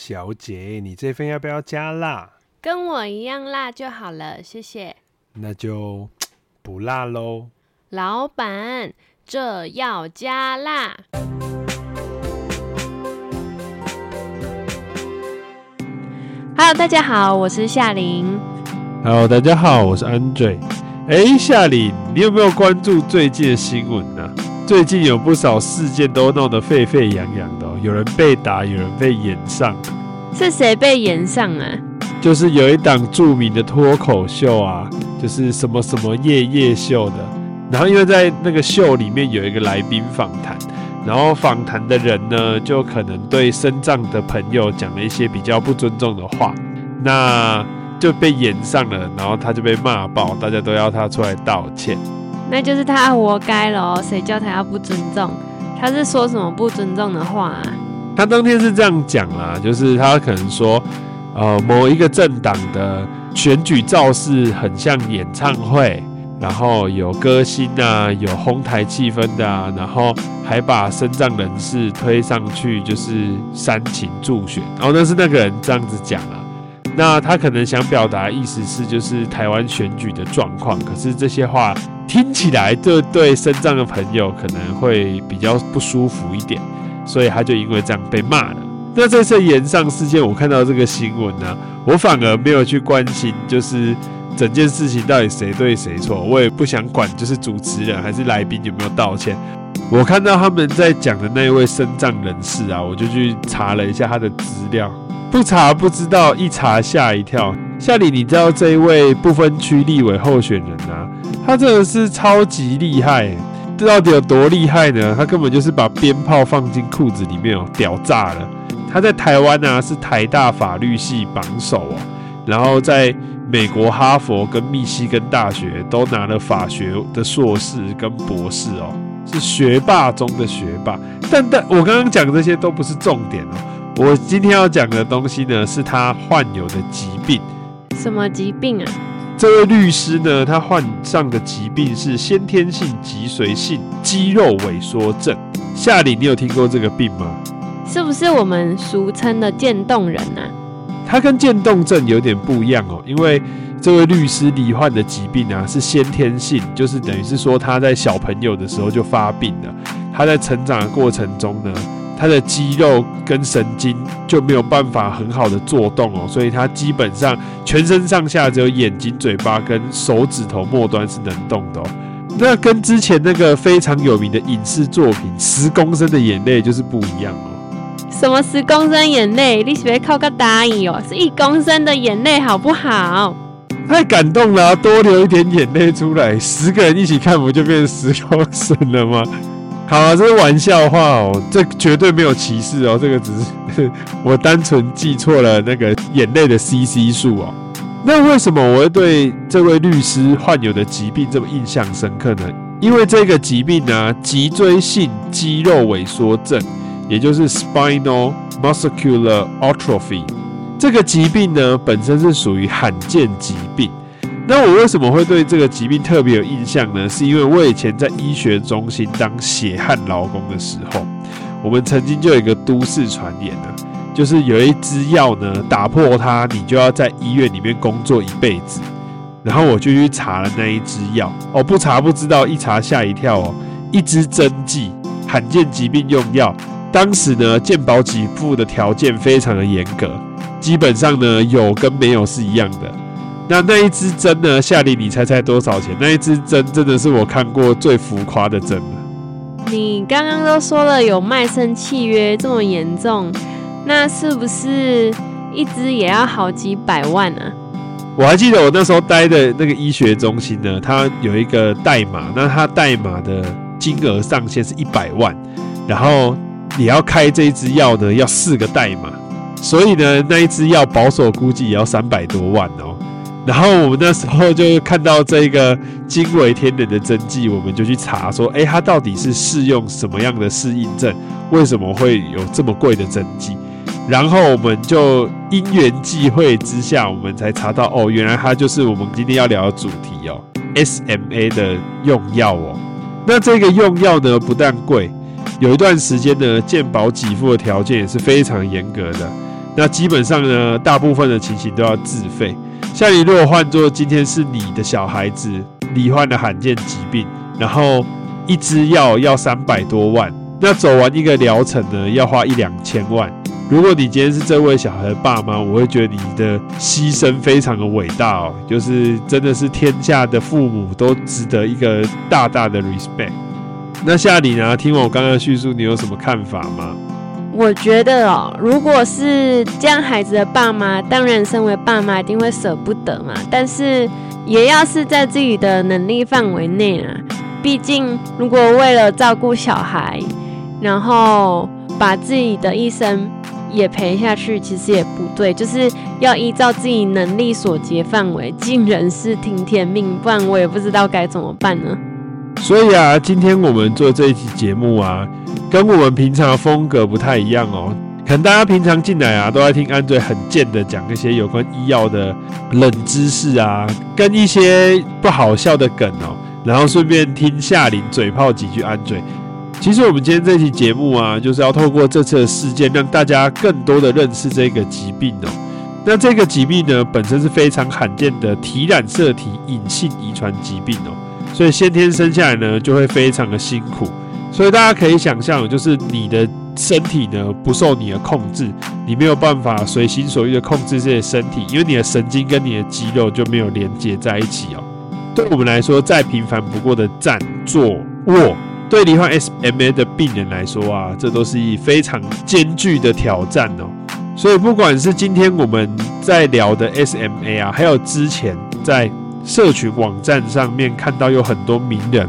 小姐，你這份要不要加辣？跟我一樣辣就好了，謝謝。那就不辣嘍。老板，這要加辣。Hello，大家好，我是夏琳。Hello，大家好，我是 Andre。哎，夏琳，你有沒有關注最近的新聞呢、啊？最近有不少事件都弄得沸沸揚揚的。有人被打，有人被炎上。是誰被炎上啊？就是有一檔著名的脫口秀啊，就是什麼什麼夜夜秀的。然後因為在那個秀裡面有一個來賓訪談，然後訪談的人呢，就可能對身障的朋友講了一些比較不尊重的話，那就被炎上了，然後他就被罵爆，大家都要他出來道歉。那就是他活該嘍，誰叫他要不尊重？他是說什麼不尊重的話？欸，他當天是這樣講啦，啊，就是他可能說，呃，某一個政黨的選舉造勢很像演唱會，然後有歌星啊，有哄抬氣氛的啊，然後還把身障人士推上去，就是煽情助選。哦，那是那個人這樣子講啊，那他可能想表達的意思是就是台灣選舉的狀況，可是這些話。聽起來就對身障的朋友可能會比較不舒服一點，所以他就因為這樣被罵了。那這次炎上事件，我看到這個新聞呢，我反而沒有去關心，就是。整件事情到底誰對誰錯，我也不想管，就是主持人還是來賓有沒有道歉。我看到他們在講的那一位身障人士啊，我就去查了一下他的資料，不查不知道，一查嚇一跳。夏琳，你知道這一位不分區立委候選人啊，他真的是超級厲害、欸，這到底有多厲害呢？他根本就是把鞭炮放進褲子裡面哦，屌炸了！他在台灣啊是台大法律系榜首哦、啊，然後在。美國哈佛跟密西根大學都拿了法學的碩士跟博士哦，是學霸中的學霸。但但，我剛剛講這些都不是重點哦。我今天要講的東西呢，是他患有的疾病。什麼疾病啊？這位律師呢，他患上的疾病是先天性脊髓性肌肉萎縮症。夏琳，你有聽過這個病嗎？是不是我們俗稱的漸凍人啊？他跟漸凍症有點不一樣哦，因為這位律師罹患的疾病啊，是先天性，就是等於是說他在小朋友的時候就發病了。他在成長的過程中呢，他的肌肉跟神經就沒有辦法很好的作動哦，所以他基本上全身上下只有眼睛、嘴巴跟手指頭末端是能動的哦。那跟之前那個非常有名的影視作品《十公升的眼淚》就是不一樣喔。什麼十公升眼淚？你只會靠個答應哦，是一公升的眼淚，好不好？太感動了，啊，多流一點眼淚出來，十個人一起看不就變成十公升了嗎？好，啊，這是玩笑話哦，這絕對沒有歧視哦，這個只是 我單純記錯了那個眼淚的 CC 數哦。那為什麼我會對這位律師患有的疾病這麼印象深刻呢？因為這個疾病啊，脊椎性肌肉萎縮症。也就是 spinal muscular atrophy 這個疾病呢，本身是屬於罕見疾病。那我為什麼會對這個疾病特別有印象呢？是因為我以前在醫學中心當血汗勞工的時候，我們曾經就有一個都市傳言呢，就是有一支藥呢，打破它，你就要在醫院裡面工作一輩子。然後我就去查了那一支藥，哦，不查不知道，一查嚇一跳哦，一支針劑，罕見疾病用藥。當時呢，健保給付的條件非常的嚴格，基本上呢，有跟沒有是一樣的。那那一支針呢，夏琳，你猜猜多少錢？那一支針真的是我看過最浮誇的針了。你剛剛都說了有賣身契約這麼嚴重，那是不是一支也要好幾百萬呢、啊？我還記得我那時候待的那個醫學中心呢，它有一個代碼，那它代碼的金額上限是一百萬，然後。你要開這一支藥呢，要四個代碼，所以呢，那一支藥保守估計也要三百多萬哦。然後我們那時候就看到這個驚為天人的針劑，我們就去查說，哎，它到底是適用什麼樣的適應症？為什麼會有這麼貴的針劑？然後我們就因緣際會之下，我們才查到哦，原來它就是我們今天要聊的主題哦，SMA 的用藥哦。那這個用藥呢，不但貴。有一段時間呢，健保給付的條件也是非常嚴格的。那基本上呢，大部分的情形都要自費。像你如果換做今天是你的小孩子罹患了罕見疾病，然後一支藥要三百多萬，那走完一個療程呢，要花一兩千萬。如果你今天是這位小孩的爸媽，我會覺得你的犧牲非常的偉大哦，就是真的是天下的父母都值得一個大大的 respect。那夏琳呢？聽完我剛剛敘述，你有什麼看法嗎？我覺得哦、喔，如果是這樣，孩子的爸媽，當然身為爸媽一定會捨不得嘛。但是也要是在自己的能力範圍內啊。畢竟，如果為了照顧小孩，然後把自己的一生也陪下去，其實也不對。就是要依照自己能力所及範圍盡人事、聽天命，不然我也不知道該怎麼辦呢。所以啊，今天我們做這一期節目啊，跟我們平常的風格不太一樣哦。可能大家平常進來啊，都在聽 Andre 很賤的講一些有關醫藥的冷知識啊，跟一些不好笑的梗哦。然後順便聽夏琳嘴炮幾句 Andre。其實我們今天這期節目啊，就是要透過這次的事件，讓大家更多的認識這個疾病哦。那這個疾病呢，本身是非常罕見的體染色體隱性遺傳疾病哦。所以先天生下來呢，就會非常的辛苦。所以大家可以想象，就是你的身體呢，不受你的控制，你沒有辦法隨心所欲的控制自己的身體，因為你的神經跟你的肌肉就沒有連接在一起哦。對我們來說再平凡不過的站、坐、臥，對罹患 SMA 的病人來說啊，這都是一非常艱巨的挑戰哦。所以不管是今天我們在聊的 SMA 啊，還有之前在社群網站上面看到有很多名人，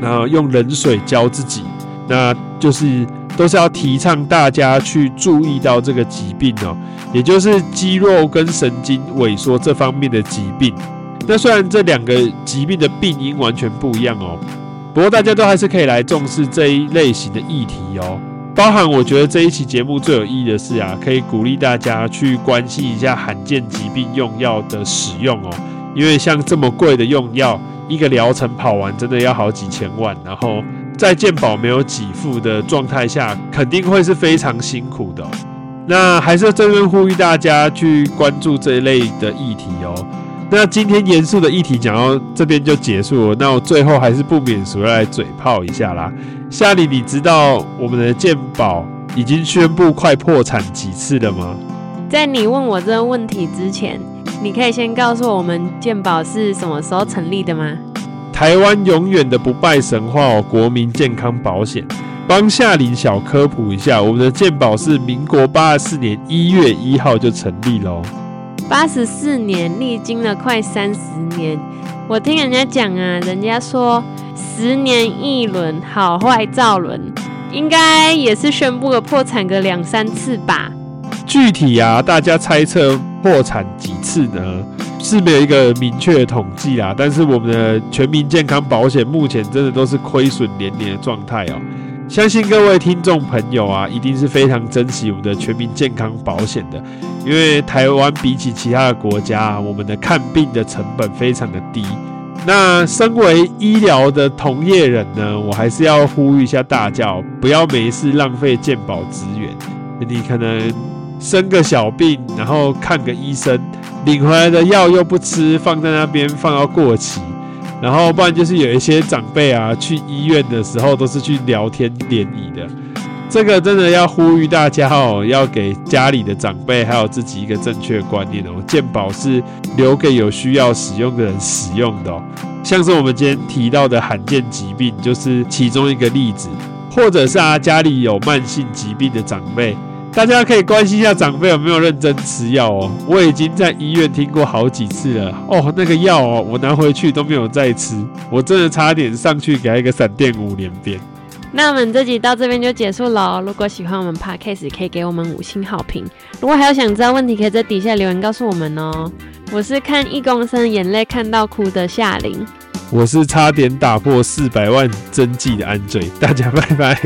然後用冷水澆自己，那就是都是要提倡大家去注意到這個疾病哦，也就是肌肉跟神經萎縮這方面的疾病。那雖然這兩個疾病的病因完全不一樣哦，不過大家都還是可以來重視這一類型的議題哦。包含我覺得這一期節目最有意義的是啊，可以鼓勵大家去關心一下罕見疾病用藥的使用哦。因為像這麼貴的用藥，一個療程跑完真的要好幾千萬，然後在健保沒有給付的狀態下，肯定會是非常辛苦的哦。那還是要這邊呼籲大家去關注這一類的議題哦。那今天嚴肅的議題講到這邊就結束了。那我最後還是不免俗要來嘴炮一下啦。夏琳，你知道我們的健保已經宣布快破產幾次了嗎？在你問我這個問題之前。你可以先告訴我們健保是什麼時候成立的嗎？台灣永遠的不敗神話哦，國民健康保險。幫夏琳小科普一下，我們的健保是民國八十四年一月一號就成立嘍哦。八十四年，歷經了快三十年。我聽人家講啊，人家說十年一輪，好壞造輪，應該也是宣布了破產個兩三次吧。具體啊，大家猜測破產幾次呢？是沒有一個明確的統計啦。但是我們的全民健康保險目前真的都是虧損連連的狀態哦。相信各位聽眾朋友啊，一定是非常珍惜我們的全民健康保險的，因為台灣比起其他的國家，我們的看病的成本非常的低。那身為醫療的同業人呢，我還是要呼籲一下大家不要沒事浪費健保資源，你可能。生個小病，然後看個醫生，領回來的藥又不吃，放在那邊放到過期，然後不然就是有一些長輩啊，去醫院的時候都是去聊天聯誼的。這個真的要呼籲大家哦，要給家裡的長輩還有自己一個正確觀念哦。健保是留給有需要使用的人使用的哦，像是我們今天提到的罕見疾病就是其中一個例子，或者是啊家裡有慢性疾病的長輩。大家可以關心一下長輩有沒有認真吃藥哦、喔。我已經在醫院聽過好幾次了哦，那個藥哦、喔，我拿回去都沒有再吃，我真的差點上去給他一個閃電五連鞭。那我們這集到這邊就結束嘍。如果喜歡我們 podcast 可以給我們五星好評。如果還有想知道問題，可以在底下留言告訴我們哦、喔。我是看一公升眼淚看到哭的夏琳。我是差點打破四百萬增記的 Andre。大家拜拜。